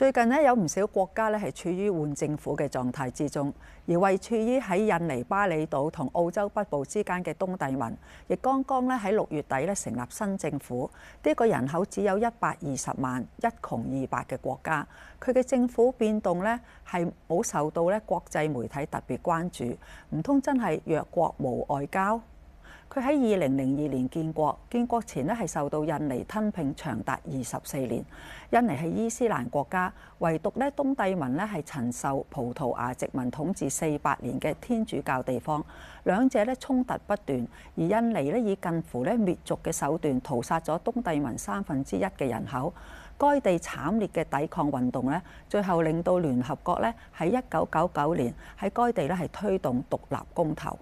最近呢，有唔少國家咧係處於換政府嘅狀態之中，而位處於喺印尼巴厘島同澳洲北部之間嘅東帝汶，亦剛剛咧喺六月底咧成立新政府。呢、這個人口只有一百二十萬、一窮二白嘅國家，佢嘅政府變動呢，係冇受到咧國際媒體特別關注，唔通真係弱國無外交？佢喺二零零二年建國，建國前咧係受到印尼吞併，長達二十四年。印尼係伊斯蘭國家，唯獨咧東帝汶咧係曾受葡萄牙殖民統治四百年嘅天主教地方，兩者咧衝突不斷，而印尼咧以近乎咧滅族嘅手段屠殺咗東帝汶三分之一嘅人口。該地慘烈嘅抵抗運動咧，最後令到聯合國咧喺一九九九年喺該地咧係推動獨立公投。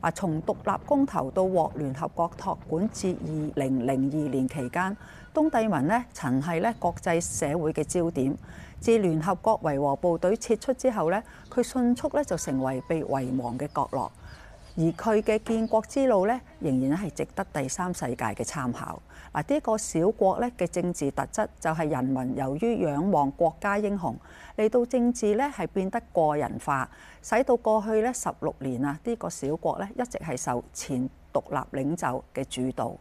啊！從獨立公投到獲聯合國託管，至二零零二年期間，東帝汶咧曾係咧國際社會嘅焦點。自聯合國維和部隊撤出之後咧，佢迅速咧就成為被遺忘嘅角落。而佢嘅建國之路咧，仍然係值得第三世界嘅參考。嗱，呢個小國咧嘅政治特質就係人民由於仰望國家英雄，嚟到政治咧係變得個人化，使到過去咧十六年啊，呢、這個小國咧一直係受前獨立領袖嘅主導。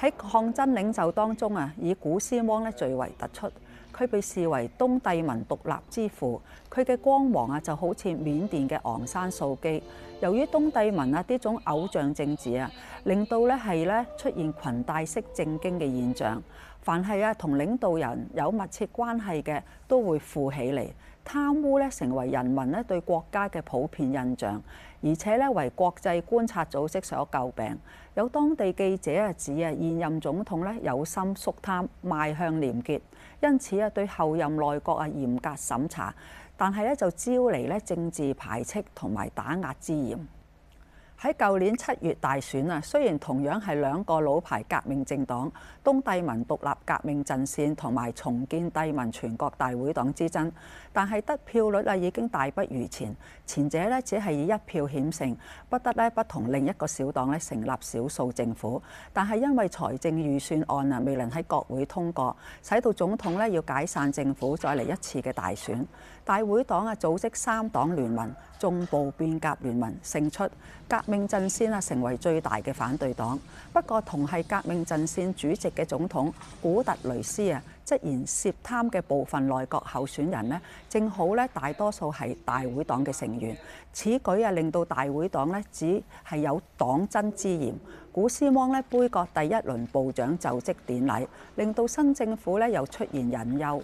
喺抗爭領袖當中啊，以古斯汪咧最為突出。佢被視為東帝汶獨立之父，佢嘅光芒啊就好似緬甸嘅昂山素姬。由於東帝汶啊呢種偶像政治啊，令到咧係咧出現裙帶式政經嘅現象，凡係啊同領導人有密切關係嘅都會富起嚟。貪污咧成為人民咧對國家嘅普遍印象，而且咧為國際觀察組織所詬病。有當地記者啊指啊現任總統咧有心肅貪，邁向廉潔，因此啊對後任內閣啊嚴格審查，但係咧就招嚟咧政治排斥同埋打壓之嫌。喺舊年七月大選啊，雖然同樣係兩個老牌革命政黨東帝汶獨立革命陣線同埋重建帝汶全國大會黨之爭，但係得票率啊已經大不如前。前者呢，只係以一票險勝，不得呢不同另一個小黨咧成立少數政府。但係因為財政預算案啊未能喺國會通過，使到總統呢要解散政府再嚟一次嘅大選。大會黨啊組織三黨聯盟中部變革聯盟勝出革革命陣線啊，成為最大嘅反對黨。不過，同係革命陣線主席嘅總統古特雷斯啊，則言涉貪嘅部分內閣候選人呢正好咧大多數係大會黨嘅成員。此舉啊，令到大會黨咧只係有黨爭之嫌。古斯芒咧，杯葛第一輪部長就職典禮，令到新政府咧又出現隱憂。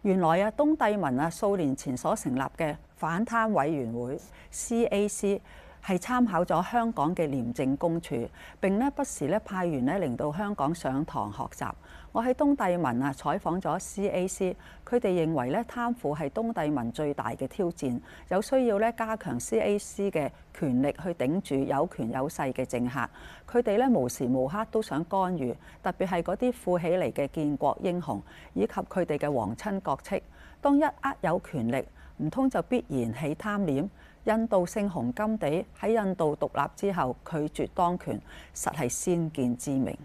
原來啊，東帝汶啊，數年前所成立嘅反貪委員會 C.A.C。係參考咗香港嘅廉政公署，並咧不時咧派員咧嚟到香港上堂學習。我喺東帝汶啊，採訪咗 CAC，佢哋認為咧貪腐係東帝汶最大嘅挑戰，有需要咧加強 CAC 嘅權力去頂住有權有勢嘅政客。佢哋咧無時無刻都想干預，特別係嗰啲富起嚟嘅建國英雄以及佢哋嘅皇親國戚，當一握有權力，唔通就必然起貪念？印度聖雄甘地，喺印度獨立之後拒絕當權，實係先見之明。